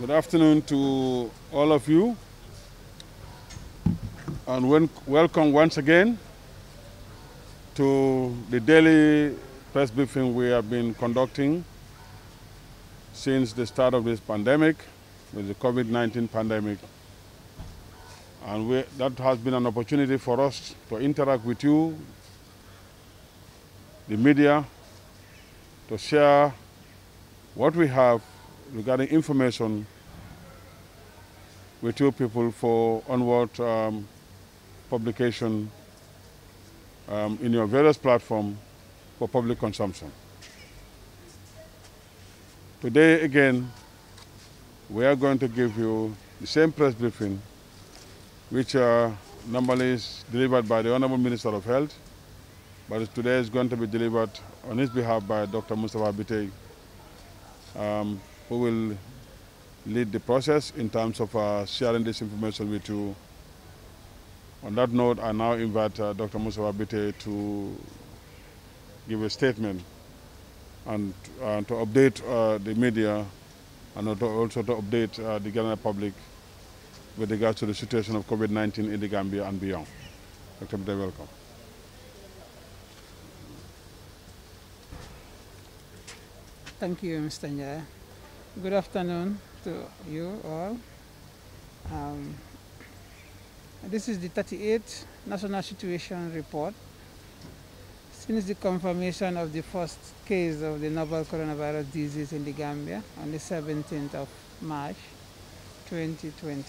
Good afternoon to all of you. And when, welcome once again to the daily press briefing we have been conducting since the start of this pandemic, with the COVID-19 pandemic. And we, that has been an opportunity for us to interact with you, the media, to share what we have regarding information with two people for onward um, publication um, in your various platforms for public consumption. Today again, we are going to give you the same press briefing which uh, normally is delivered by the Honorable Minister of Health, but today is going to be delivered on his behalf by Dr. Mustafa Bitey, um, who will lead the process in terms of uh, sharing this information with you. On that note, I now invite uh, Dr. Musa Wabite to give a statement and uh, to update uh, the media and also to update uh, the general public with regards to the situation of COVID-19 in the Gambia and beyond. Dr. Bide, welcome. Thank you, Mr. Njaya good afternoon to you all. Um, this is the 38th National Situation Report. Since the confirmation of the first case of the novel coronavirus disease in the Gambia on the 17th of March 2020.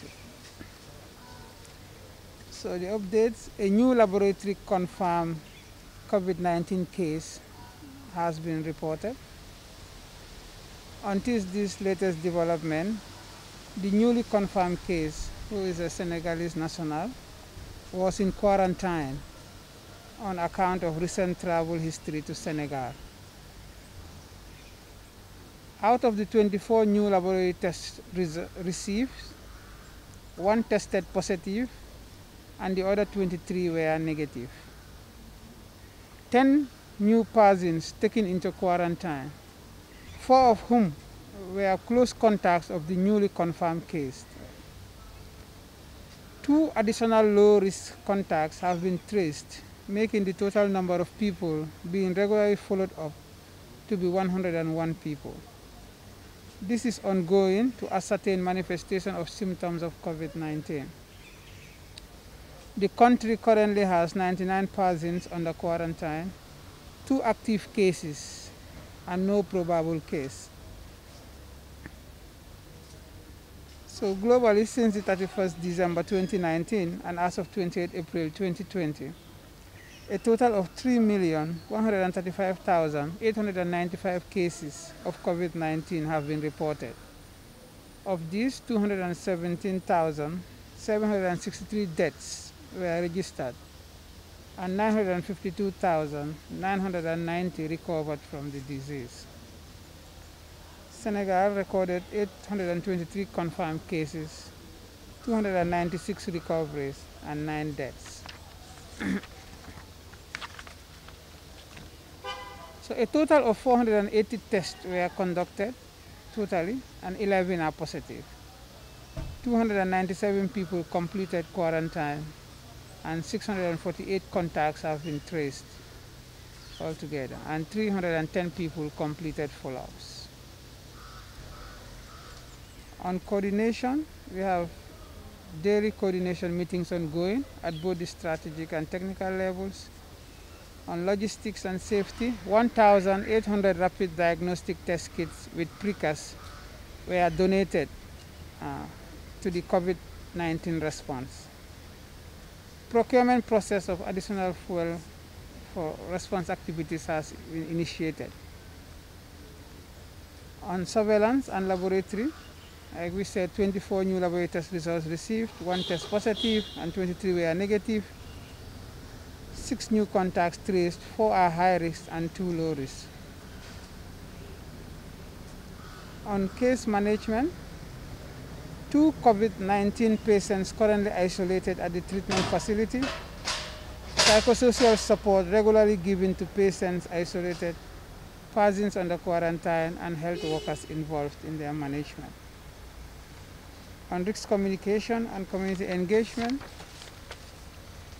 So the updates, a new laboratory confirmed COVID-19 case has been reported. Until this latest development, the newly confirmed case, who is a Senegalese national, was in quarantine on account of recent travel history to Senegal. Out of the 24 new laboratory tests received, one tested positive and the other 23 were negative. 10 new persons taken into quarantine four of whom were close contacts of the newly confirmed case. Two additional low-risk contacts have been traced, making the total number of people being regularly followed up to be 101 people. This is ongoing to ascertain manifestation of symptoms of COVID-19. The country currently has 99 persons under quarantine, two active cases and no probable case. So globally, since the 31st December 2019 and as of 28 April 2020, a total of 3,135,895 cases of COVID-19 have been reported. Of these, 217,763 deaths were registered and 952,990 recovered from the disease. Senegal recorded 823 confirmed cases, 296 recoveries, and 9 deaths. so a total of 480 tests were conducted totally, and 11 are positive. 297 people completed quarantine and 648 contacts have been traced altogether and 310 people completed follow-ups. On coordination, we have daily coordination meetings ongoing at both the strategic and technical levels. On logistics and safety, 1,800 rapid diagnostic test kits with precursors were donated uh, to the COVID-19 response procurement process of additional fuel for response activities has been initiated. On surveillance and laboratory, like we said, 24 new laboratory results received, one test positive and 23 were negative. Six new contacts traced, four are high risk and two low risk. On case management, two COVID-19 patients currently isolated at the treatment facility, psychosocial support regularly given to patients isolated, persons under quarantine, and health workers involved in their management. On risk communication and community engagement,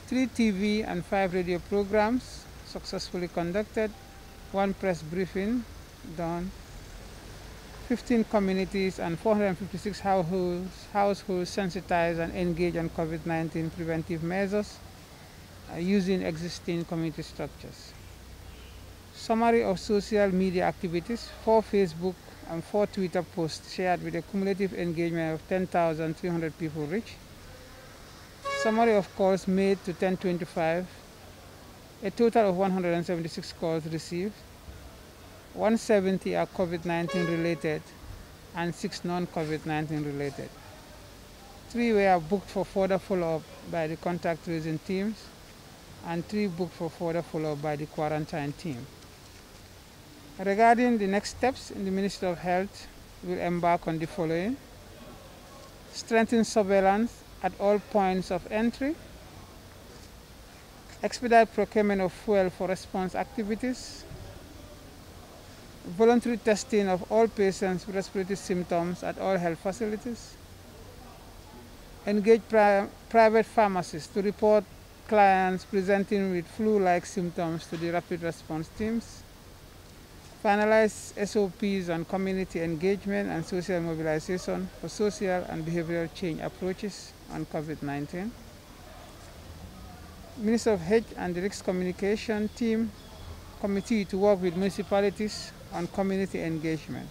three TV and five radio programs successfully conducted, one press briefing done, 15 communities and 456 households, households sensitized and engaged on COVID-19 preventive measures uh, using existing community structures. Summary of social media activities, four Facebook and four Twitter posts shared with a cumulative engagement of 10,300 people reached. Summary of calls made to 1025, a total of 176 calls received. 170 are COVID-19 related and six non-COVID-19 related. Three were booked for further follow-up by the contact tracing teams and three booked for further follow-up by the quarantine team. Regarding the next steps, the Ministry of Health will embark on the following. Strengthen surveillance at all points of entry. Expedite procurement of fuel for response activities voluntary testing of all patients with respiratory symptoms at all health facilities, engage pri private pharmacists to report clients presenting with flu-like symptoms to the rapid response teams, finalize SOPs on community engagement and social mobilization for social and behavioral change approaches on COVID-19. Minister of Health and the Risk Communication Team committee to work with municipalities on community engagement,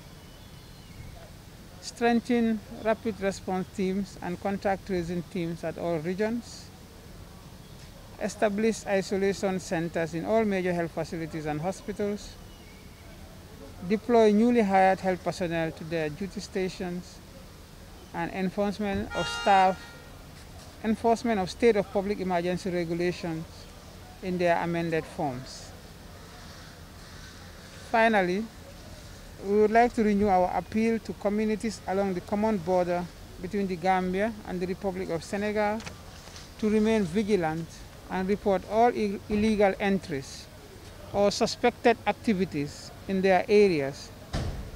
strengthen rapid response teams and contact tracing teams at all regions, establish isolation centers in all major health facilities and hospitals, deploy newly hired health personnel to their duty stations, and enforcement of staff, enforcement of state of public emergency regulations in their amended forms. Finally, we would like to renew our appeal to communities along the common border between the Gambia and the Republic of Senegal to remain vigilant and report all illegal entries or suspected activities in their areas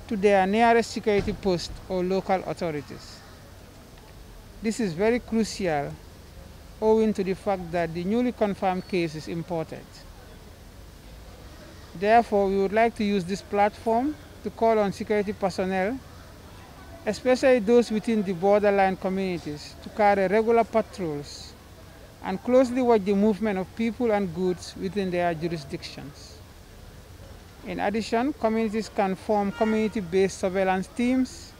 to their nearest security post or local authorities. This is very crucial owing to the fact that the newly confirmed case is important. Therefore, we would like to use this platform to call on security personnel, especially those within the borderline communities, to carry regular patrols and closely watch the movement of people and goods within their jurisdictions. In addition, communities can form community-based surveillance teams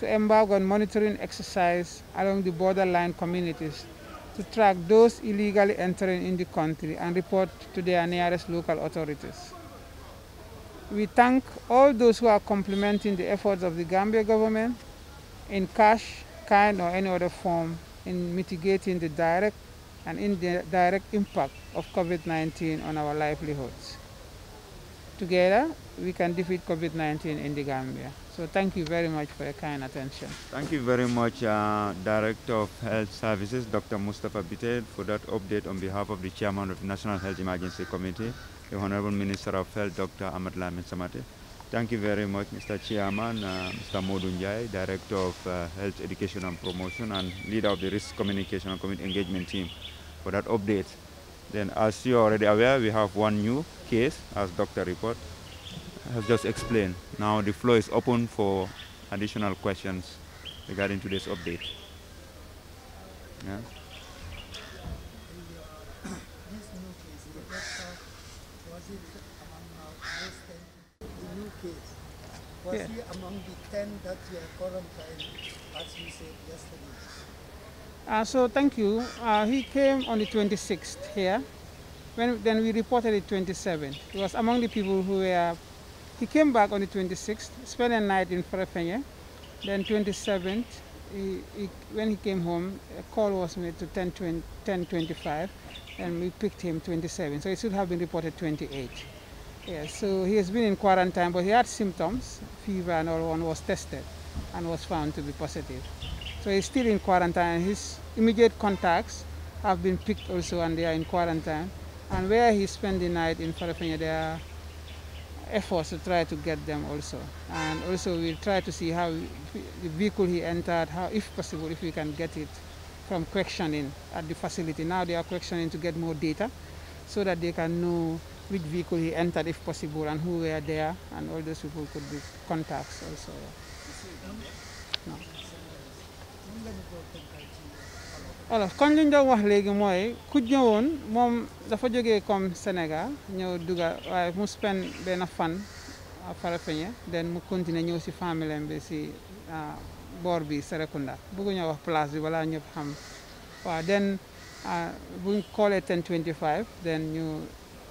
to embark on monitoring exercise along the borderline communities to track those illegally entering in the country and report to their nearest local authorities. We thank all those who are complementing the efforts of the Gambia government in cash, kind or any other form in mitigating the direct and indirect impact of COVID-19 on our livelihoods. Together, we can defeat COVID-19 in the Gambia. So thank you very much for your kind attention. Thank you very much, uh, Director of Health Services, Dr. Mustafa Bited, for that update on behalf of the Chairman of the National Health Emergency Committee the Honorable Minister of Health, Dr. Ahmed Lamin Samate. Thank you very much, Mr. Chairman, uh, Mr. Modunjai, Director of uh, Health Education and Promotion and leader of the Risk Communication and Community Engagement Team for that update. Then as you're already aware, we have one new case, as Dr. Report has just explained. Now the floor is open for additional questions regarding today's update. Yeah. Brazil among our Western, the UK. Was yeah. he among the 10 that were quarantined, as you said yesterday? Uh, so thank you. Uh, he came on the 26th here. When, then we reported it 27th. He was among the people who were, he came back on the 26th, spent a night in Ferefenye. Then 27th, he, he, when he came home, a call was made to 10, 20, 1025 and we picked him 27. So it should have been reported 28. Yeah, so he has been in quarantine, but he had symptoms, fever and all, one was tested and was found to be positive. So he's still in quarantine. His immediate contacts have been picked also and they are in quarantine. And where he spent the night in Farafenya, there are efforts to try to get them also. And also we'll try to see how the vehicle he entered, how, if possible, if we can get it from questioning at the facility. Now they are questioning to get more data so that they can know which vehicle he entered if possible and who were there and all those people could be contacts also. No. alors kon li ñu doon wax léegi mooy ku ñëwoon moom dafa jógee comme Sénégal ñëw duga waaye mu spend benn fan Farafenni den mu continuer ñëw si famille bi si ah, bor bi Serekunda bëgguñoo wax place bi wala ñëpp xam waaw den ah, buñ xoolee ten 25 den ñu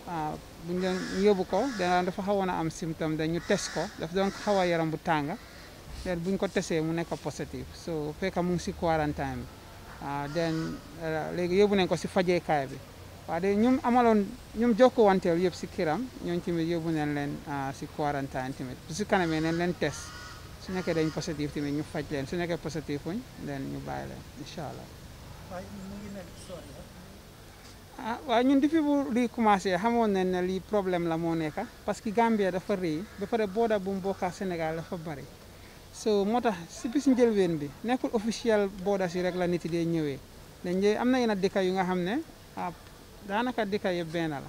ah, buñ doon yóbbu ko den dafa xawoon a am den ñu test ko daf doon xaw a yaram bu tànga den buñ ko tesee mu nekk positive so fekka mu ngi si quarantaine bi ah, den léegi yóbbu nañ ko si fajeekaay bi waaw de ñum amaloon ñum jokko wanteel yëpp si kiram ñoon ci tamit yóbbu nañ leen si quarantaine tamit bu si kanamee nañ leen test su nekkee dañu positif tamit ñu faj leen su nekkee positif wuñ leen ñu bàyyi leen incha allah. Eh? ah waaw ñun di bu li commencé xamoon nañ ne lii problème la moo nekk parce que Gambia dafa rëy ba pare booda bu mu Sénégal dafa bari so moo tax si bis njëlbeen bi nekkul officiel booda si rek la nit yi dee ñëwee dañ dee am na yenn dëkk yu nga xam ne ah daanaka dëkk yëpp benn la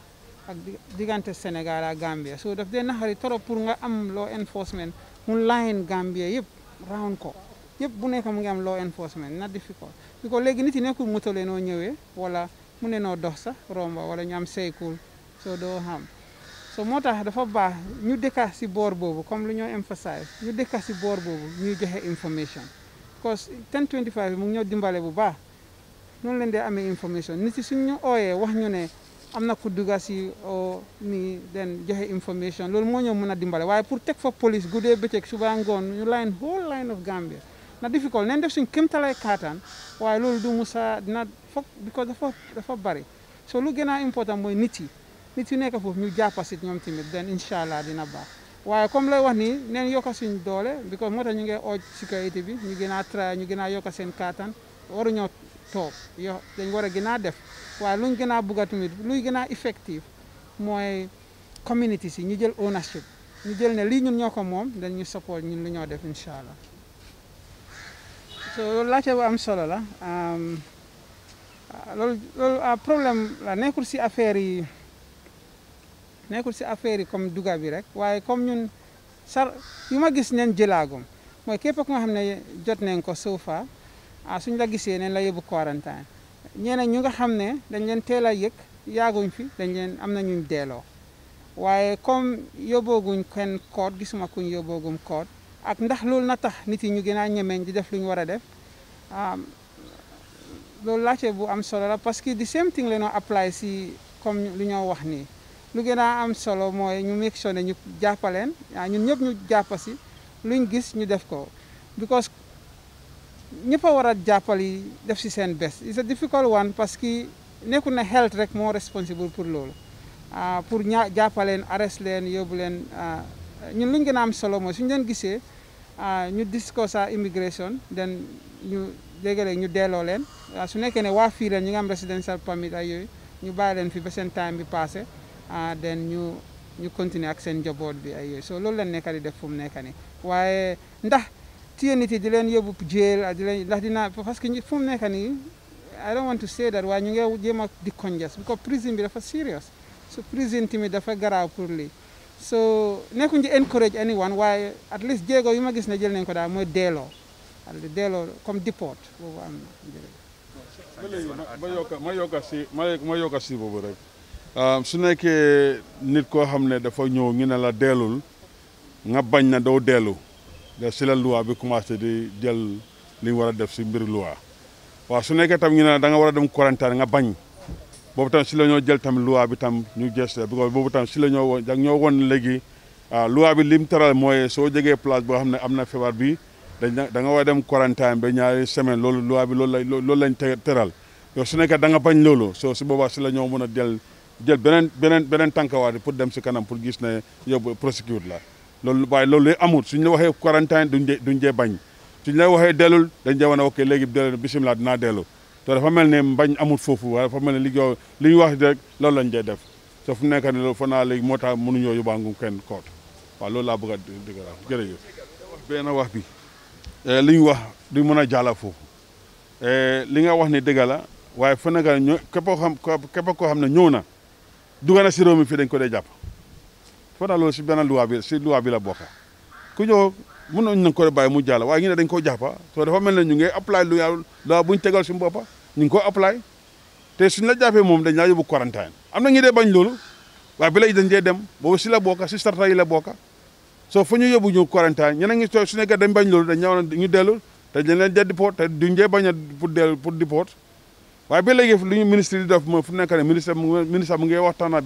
ak diggante Sénégal ak Gambia so daf dee naxari trop pour nga am law enforcement mun laayen Gambia yëpp round ko yëpp bu nekk mu ngi am law enforcement na difficult bi ko léegi nit yi nekkul motale noo ñëwee wala mu ne noo dox sax romba wala ñu am seykul soo doo xam so moo tax dafa baax ñu dëkka si boor boobu comme lu ñoo emphasize ñu dëkka si boor boobu ñuy joxe information because 1025 mu ñoo dimbale bu baax noonu leen dee amee information nit yi suñ ñu ooyee wax ñu ne am na ku si o oh, ni den joxe information loolu moo ñëw mën a dimbale pour teg fa police goudé bëccëg suba ngoon ñu line whole line of Gambia na difficult nén def suñ talay kaataan waaye loolu du musa dina foog because dafa dafa bari so lu gëna important mooy nit yi nit yi nekk foofu ñu jappasit ñom ñoom den inshallah dina baax waaye comme lay wax nii neen yoka suñ doole because moo ñu ngi ooj sécurité bi ñu gën a try ñu gën a sen seen kaataan waruñoo toog yo dañ war a def waaye luñ gën a bugg a tamit luy gën a effective mooy community si ñu jël ownership ñu jël ne lii ñun ñoo ko moom dañ ñu support ñun lu ñoo def incha allah so loolu laajte bu am solo la ah, loolu ah, problème la nekkul si affaire yi nekkul si affaire yi comme duga bi rek waaye comme ñun sar yu ma gis neen jëlaagum mooy képp ku nga xam ne jot nañ ko so far ah suñ la gisee neen la yebu quarantaine ñene ñu nga xamne dañ leen téla yek yaaguñ fi dañ leen amna na ñuñ deeloo waaye comme yoboguñ kenn code gisuma kuñ yobogum code ak ndax lool na tax nit yi ñu gëna ñemeñ di def luñ wara def am lool la ci bu am solo la parce que the same thing leno apply si comme lu ñoo wax ni lu gëna am solo moy ñu make sure ñu jappalen ñun ñëpp ñu jappasi luñ gis ñu def ko because ñëpp a war a jàppali def si seen bés it's a difficult one parce que nekku na health rek moo responsible pour loolu ah, pour ña jàppaleen arrest leen yóbbu leen ah, ñun lu ñu gën a am solo mooy suñu leen gisee ah, ñu discuss sa immigration den ñu léegi-léeg ñu delloo leen su nekkee ne waa fii leen ñu ngi am residential permit ak yooyu ñu bàyyi leen fi ba seen time bi passé den ñu ñu continuer ak seen njaboot bi ay yooyu so loolu leen nekka di def fu mu nekka ni waaye ndax téye nit yi di leen yóbbu jéel di leen ndax dinaa parce que fu mu nekk nii I don't want to say that waaye ñu ngi jéem a di conges because prison bi dafa serious so prison tamit dafa garaaw pour lii so nekkuñ di encourage anyone waaye at least jéego yi ma gis ne jël nañ ko daal mooy deeloo al deeloo comme deport boobu am na ma yokka ma yokka si ma yokka si boobu rek um, su nekkee nit koo xam ne dafa ñëw ñu ne la deelul nga bañ na doo deelu da si la loi bi commencé di jël li ñu war a def si mbir loi waaw su nekkee tam ñu ne da nga war a dem quarantaine nga bañ boobu tam si la ñoo jël tam loi bi tam ñu geste bi ko boobu tam si la ñoo woon da ñoo woon léegi waaw ah, loi bi lim taral mooy soo jegee place boo xam ne am na feebar bi dañ da nga war a dem ba ñaari semaine loolu loi bi loolu la loolu lañ teral yow su nekkee da nga bañ loolu soo su boobaa si la ñoo mën a jël jël beneen beneen beneen tànkawaat pour dem si kanam pour gis na yow prosécure la loolu waaye loolu amul suñ la waxee quarantaine duñ jee duñ jee bañ suñ la waxee dellul dañ jee wane ok léegi dellu bisimilah dinaa dellu te dafa ne mbañ amul foofu waaye dafa mel ne li li ñu wax rek loolu lañ jee def te fu nekk ni loolu fa naa léegi moo tax mënuñoo yóbbaangu kenn koot waaw loolu laa bëgg a dëgëral jërëjëf benn wax bi eh, li ñu wax du mën a jàlla foofu eh, li nga wax ni dëgg waaye fa nekk ñoo képp koo xam képp koo xam ne ñëw na dugga na si réew mi fii dañ ko dee jàpp fana loolu si benn loi bi si loi bi la bokk ku ñëw mënoon nañ ko bàyyi mu jàll waaye ñu ne dañ ko jàppa so dafa mel ñu ngay apply lu loi buñ tegal suñu boppa ñu ko apply te suñ la jàppee moom dañ laa yóbbu quarantaine am na ñu dee bañ loolu waaye bi lay dañ dee dem boobu si la bokk si sarta yi la bokk soo fa ñu yóbbu ñu quarantaine ñeneen ngi su nekk dañ bañ loolu dañ ñëw ñu dellu te dañ leen dee diport te duñ dee bañ a pour dellu pour diport waaye ba léegi lu ministre di def mooy fu nekk ministre ministre mu ngi waxtaan ak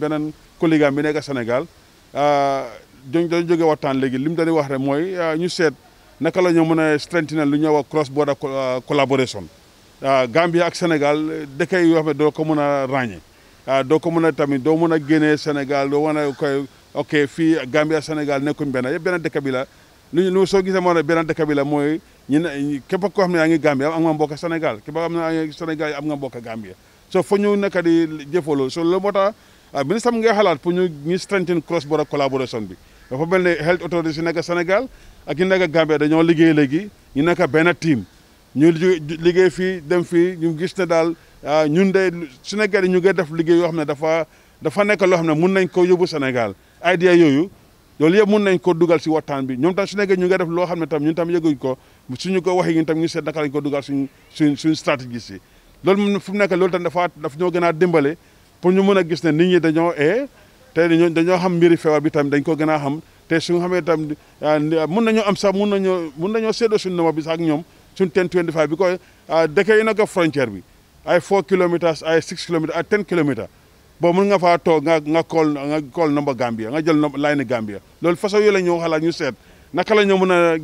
collègue am bi nekk Sénégal dañ dañ jógee waxtaan léegi li mu dañuy wax rek mooy euh, ñu seet naka la ñu mën a na lu a wax cross border euh, collaboration euh, Gambia ak Sénégal dëkk yi yoo xam ne doo ko mën a ràññee doo ko mën a tamit doo mën a génnee Sénégal doo mën a koy ok fii Gambia Sénégal nekkuñ benn yëpp benn dëkk bi la lu ñu soo gisee moo ne benn dëkk bi la mooy ñu ne képp koo xam ne yaa ngi Gambia am nga mbokk Sénégal képp koo xam ne yaa ngi Sénégal am nga mbokk gambi so fo ñu nekk di jëfaloo so loolu moo ah ministre am nga xalaat pour ñu ñu strengthen cross border collaboration bi dafa mel ne health authorities yi nekk Sénégal ak yi nekk Gambie dañoo liggéey léegi ñu nekk benn team ñu liggéey fii dem fii ñu gis ne daal ah, ñun de Sénégal yi ñu def liggéey yoo xam ne dafa dafa nekk loo xam ne mun nañ ko yóbbu Sénégal idea yooyu loolu yëpp mun nañ ko dugal si waxtaan bi ñoom tam su nekkee ñu ngi def loo xam ne tam ñun tam yëguñ ko ko waxee ñun tam ñu seet naka lañ ko dugal suñ suñ suñ loolu fu mu nekk loolu tam dafa daf ñoo gën a dimbale pour ñu mën a gis ne nit ñi dañoo ee te dañoo xam mbiri feebar bi tam dañ ko gën a xam te su nga xamee tam ah, ah, mun nañoo am sax mun nañoo mun nañoo séddoo suñu nama bi sax ak ñoom suñ ten twenty five bi ko ah, dëkk yi nag bi ay four kilomètres ay six kilomètres ay ten kilomètres boo mun nga faa toog nga nga kool nga kool nomba Gambia nga jël line Gambia loolu façon yooyu la ñu xalaat ñu seet naka la ñu mën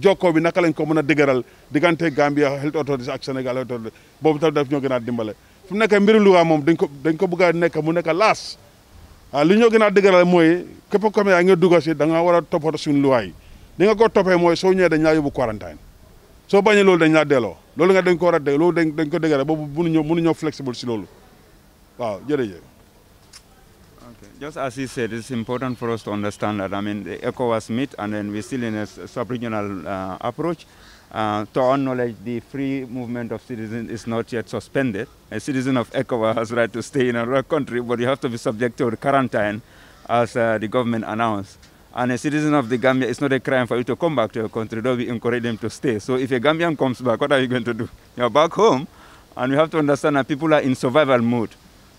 jokkoo bi naka lañ ko mën a dëgëral diggante Gambia health ak Sénégal health authorities boobu tam daf ñoo gën a dimbale fu nekk mbiru luwa moom dañ ko dañ ko bëgg a nekk mu nekk laas ah li ñoo gën a dëgëral mooy képp comme yaa nga dugal si da nga war a toppatoo suñu luwa yi li nga ko toppee mooy soo ñëwee dañ laa yóbbu quarantine soo bañee loolu dañ laa delloo loolu nga dañ ko war a dégg loolu dañ dañ ko dëgëral boobu mënu ñoo flexible si loolu waaw jërëjëf just as he said, it's important for us to understand that. I mean, the ECOWAS meet, and then we're still in a sub-regional uh, approach. Uh, to our knowledge, the free movement of citizens is not yet suspended. A citizen of Ecuador has right to stay in another country, but you have to be subject to quarantine, as uh, the government announced. And a citizen of the Gambia, it's not a crime for you to come back to your country, though we encourage them to stay. So if a Gambian comes back, what are you going to do? You're back home, and we have to understand that people are in survival mode.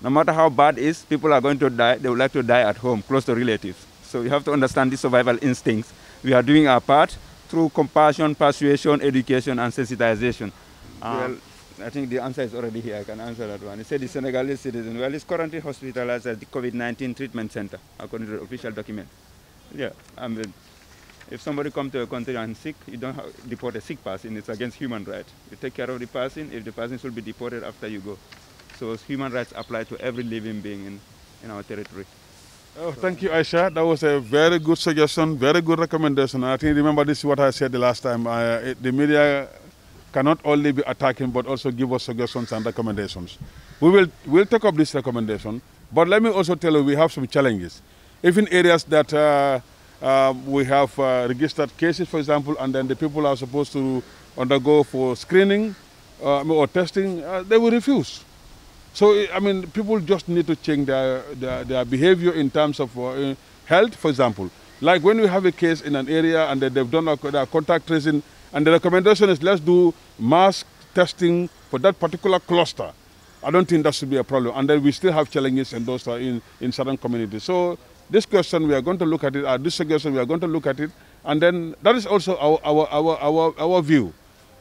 No matter how bad it is, people are going to die. They would like to die at home, close to relatives. So you have to understand the survival instincts. We are doing our part through compassion, persuasion, education, and sensitization. Um, well, I think the answer is already here. I can answer that one. He said the Senegalese citizen, well, he's currently hospitalized at the COVID-19 treatment center, according to the official document. Yeah, I mean, if somebody comes to a country and sick, you don't deport a sick person. It's against human rights. You take care of the person. If the person should be deported after you go. So human rights apply to every living being in, in our territory. Oh, thank you, Aisha. That was a very good suggestion, very good recommendation. I think remember this is what I said the last time. Uh, it, the media cannot only be attacking, but also give us suggestions and recommendations. We will we'll take up this recommendation, but let me also tell you we have some challenges. Even areas that uh, uh, we have uh, registered cases, for example, and then the people are supposed to undergo for screening uh, or testing, they will refuse. So, I mean, people just need to change their, their, their behavior in terms of uh, health, for example. Like when we have a case in an area and they've done their contact tracing, and the recommendation is let's do mass testing for that particular cluster. I don't think that should be a problem. And then we still have challenges in those uh, in, in certain communities. So this question we are going to look at it, or uh, this suggestion we are going to look at it, and then that is also our, our, our, our, our view.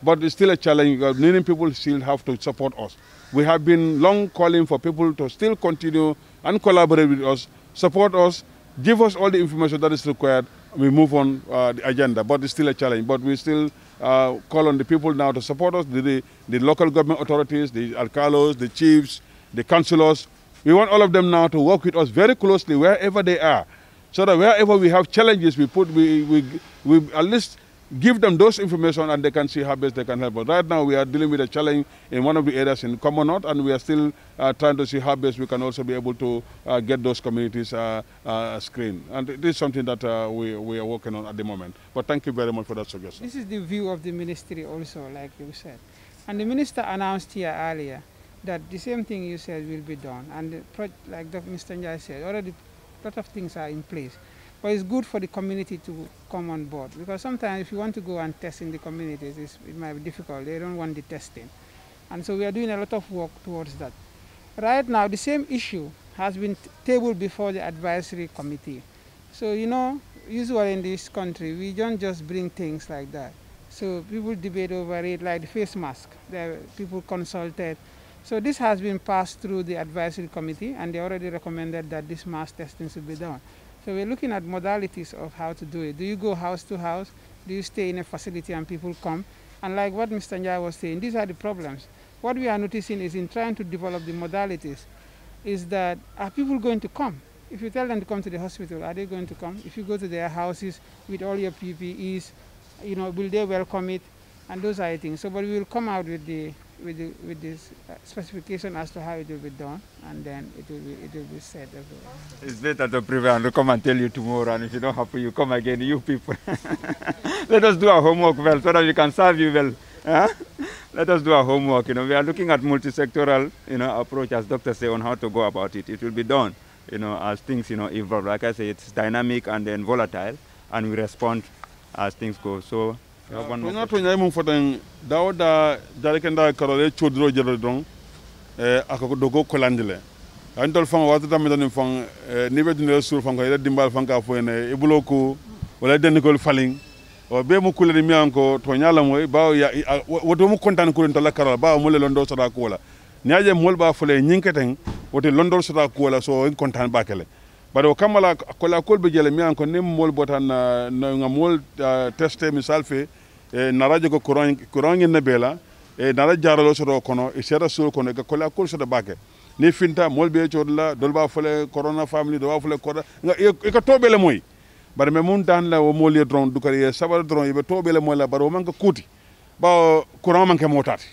But it's still a challenge because many people still have to support us. We have been long calling for people to still continue and collaborate with us, support us, give us all the information that is required, we move on uh, the agenda. But it's still a challenge. But we still uh, call on the people now to support us, the, the, the local government authorities, the alcalos, the chiefs, the councillors. We want all of them now to work with us very closely wherever they are, so that wherever we have challenges, we put we, we, we at least give them those information and they can see how best they can help. But right now we are dealing with a challenge in one of the areas in Commonwealth and we are still uh, trying to see how best we can also be able to uh, get those communities uh, uh screened. And it is something that uh, we, we are working on at the moment. But thank you very much for that suggestion. This is the view of the ministry also, like you said. And the minister announced here earlier that the same thing you said will be done. And like Mr. Njai said, already a lot of things are in place. But it's good for the community to come on board because sometimes if you want to go and test in the communities, it might be difficult. They don't want the testing. And so we are doing a lot of work towards that. Right now, the same issue has been tabled before the advisory committee. So, you know, usually in this country, we don't just bring things like that. So people debate over it, like the face mask. There people consulted. So this has been passed through the advisory committee, and they already recommended that this mass testing should be done. So we're looking at modalities of how to do it. Do you go house to house? Do you stay in a facility and people come? And like what Mr. Njai was saying, these are the problems. What we are noticing is in trying to develop the modalities is that are people going to come? If you tell them to come to the hospital, are they going to come? If you go to their houses with all your PPEs, you know, will they welcome it? And those are the things. So, but we will come out with the with, the, with this uh, specification as to how it will be done, and then it will be, it will be said everywhere. It's better to prevent. we come and tell you tomorrow, and if you don't happy, you come again, you people. Let us do our homework well, so that we can serve you well. Huh? Let us do our homework. You know, we are looking at multi-sectoral, you know, approach, as doctors say, on how to go about it. It will be done, you know, as things, you know, evolve. Like I say, it's dynamic and then volatile, and we respond as things go. So toña toña mum foten dawo da jarekenda karole codiro jelo don eh, aka dogo le ani tol fanga wata tammi tan fang eh, ni be dunde sur fanga ida dimbal fanga fo i buloo ku wala den ko faliŋ o be mu kulere mi anko to nyala mo baawo ya woto mu kontan kulen tala karola baawo mo le londo sota ko wala ni aje mol ba fule nyinketen wote londo sota kuwo la so en kontan bakele bari o kamala kolakol be jele mi an ko nem mol botan na nga mol ah, testé misal fe e eh, na radio ko kuran kuran ne bela e eh, na radio jaralo kono e sera kono ga kolakol kol da bake ni finta mol be to la dolba ba fole corona family do ba fole corona nga e, e ka tobe le moy bari me mun dan la wo mol ye drone du ye sabar drone e be tobe le moy la bari wo man ka kuti ba kuran man ka motati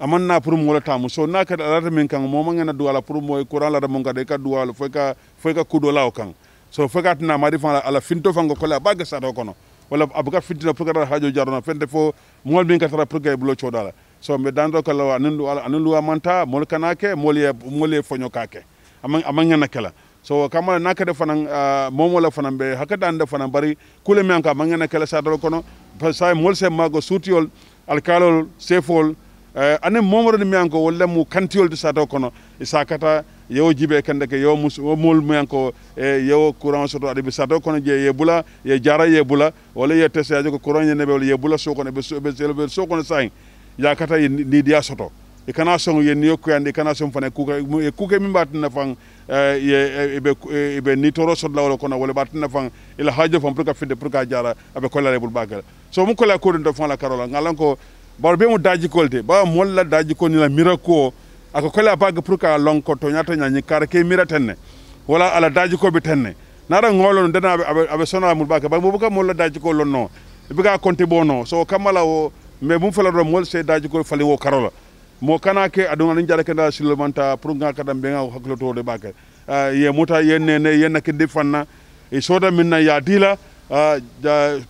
aman na pour mo tamu so na ka rata min kan mo man na duwala pour mo ko rala mo ka de ka duwala fo e ka fo e ka kudo la o kan so fo e ka tna mari fa ala finto fango ko la ba ga sa do kono wala abuka fintina pour ka hajo jarona fende fo mo min ka tra pour ka cho dala so me dando ko la anan duwala anan duwa manta mo kanake mo le mo le fonyo ke aman aman na kala so kama na de fanan mo mo la fanan be haka dan de fanan bari kule men ka mangana kala sadaro kono fa sai mo se mago sutiol alkalol sefol Eh, anen momorode miyanko walla mu kantiyolde sataw kono sakata yewo jibe kande ke yewo mol miyanko e eh, yewo courant soto aɗa ɓe sataw kono je ye bula ye jara ye bula walla ye tesaji ko courant ñaneɓe walla ye bula sokono ɓe sokono sahin yakata ndidiya soto e kana son ye niyo kuyande e kana so fana kuka e kuke min mbatinna fan eɓe eh, e, e e, nitoro sodla wala kono walla mbatinna fan ila haajo fan pour qua fidde pour qua jara aɓe kollare ɓol ɓagal so mu kolla koɗum to fan la karola ngalan ko baro be mo daji kolte ba molla daji ko ni la mirako ako kala baga pour ka ko to nyata nyani kar ke miratenne wala ala daji ko be tenne nara ngolon dana abe abe sona mul baka ba mo buka molla daji ko no e be ga konte bono so kamala o me bum fala do mol se daji ko fali wo karola mo kana ke aduna ni jara ke da silmanta pour nga kadam be nga haklo to de baka ye muta ye ne ne ye nak di fanna e soda minna ya dila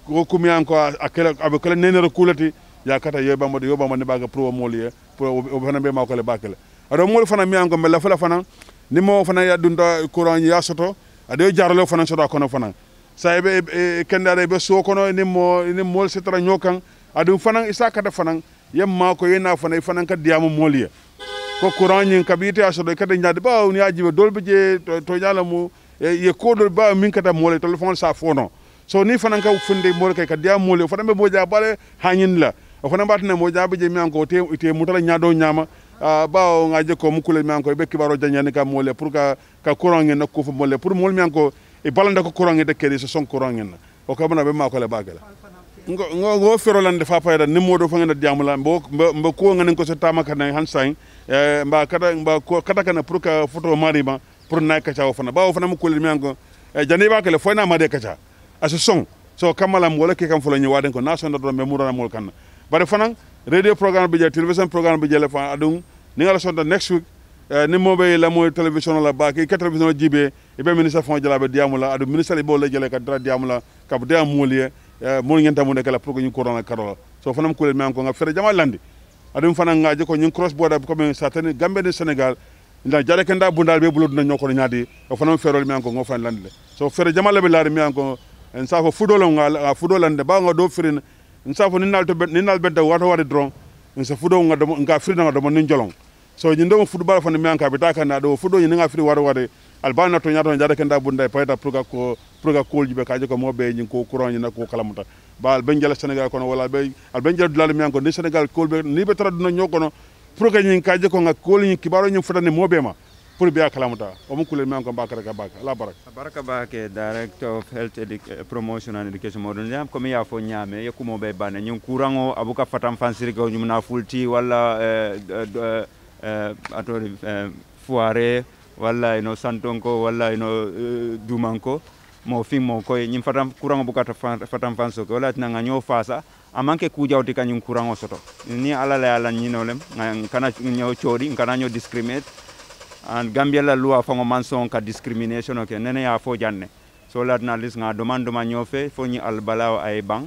ko kumiyan ko akela abe kala nenere kulati yakata yoy bamba yoy bamba ne baga pro mol ye pro fana be ma ko le bakale ado mol fana mi ango mel fala fana ni mo fana ya dunda courant ya soto ado jarlo fana soto kono fana saybe kendare be e, e, so kono ni mo ni mol setra nyokan ado fana isa kata fana yemma ko yena fana e fana ka diamu mol ye ko courant nyin kabite asodo kata nyaade ba on ya jibe dolbe je to nyala mu ye kodol ba min kata mol téléphone sa fono so ni fana ka funde mol kay ka diamu mol fana be boja bare hanyin la hono mbatane mo jaabi je miyanko te te mutala ñaado ñama bawo ngaje ko mukule miyanko be kibaro janyani ka mole pour ka ka courant ngena ko fo mole pour mol miyanko e balanda ko courant ngede kedi so son courant ngena o ka bana be ma ko le bagala ngo ngo fero lande fa payda ni modo fa ngena la mbo mbo ko ngena ko so tama kana han sain e, mba kada mba ko kada kana pour ka photo marima pour na kacha o fana bawo fana mukule miyanko e, jani ba le fo na ma de a aso son so kamala mo le ke kam fulani le nyawaden ko na so be me murana mol kana bare fanan radio program bi je television programme bi je le fa adum ni next week eh, ni be la moy television la ba ki television jibe e be ministre fon jalabe diamula adu ministre bo la jele ka dra diamula ka bu dia ya, eh, molie mo ngi ntamu ne kala pour ko ñu karola so fanam ko le mi ko nga fere jama landi adum fanan nga je ñu cross border ko men satane gambe de senegal nda jare kenda bundal be bulod na ñoko ñadi fanam ferol mi ko ngo fan landi so fere jama le be laari mi ko en eh, sa ko fudolo nga ah, fudolande ba nga do nsafo ni nal ben ni nal ben da wato wade dron nsa fudo nga domo nga firi nga domo ni jolong so ni ndo football fo ni mianka bita kana do fudo ni nga firi wato wade albana to nyato njada kenda bunda payta proga ko proga ko jibe kaje ko mobe ni ko kuron ni na ko kalamuta ba al ben jala senegal kono wala be al ben jala dulal mianko ni senegal ko be ni be tara do nyoko no proga ni kaje ko nga ko ni kibaro ni fudane mobe ma pour biya kalamuta omu kulel men ko bakara ka baka ala baraka baraka ba ke director of health Edu eh, promotion and education modern jam ko mi ya fo nyame ye kumo be bane nyun kurango abuka fatam fansiri ko nyumna fulti wala eh, eh, eh, atori eh, fuare walla ino santonko walla ino uh, dumanko mo fin mo koye ñin fatam courant o bukata fatam fan soke wala tinanga ño fasa amanke kujawti kañum courant o soto ni ala la ala ñinolem kana ño coodi kana ño discriminate an gambia la loi faŋo maŋ soŋ ka discrimination ke nene ya fo janne ne so na lis ŋa domandoma ñoo fe fo ñiŋ al a ay bang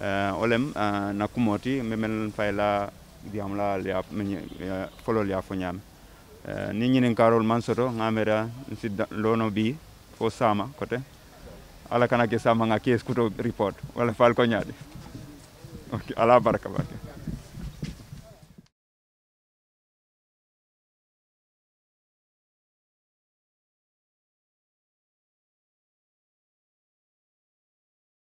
uh, olem uh, na kumo ti memel fay la am la le uh, folol ya fo ñaame uh, eh, niŋ ñininkarol maŋ soto nga mera nsi loono bi fo saama kote ala kana ke sama nga ke report wala fal ko ñaadi okay, ala baraka baraka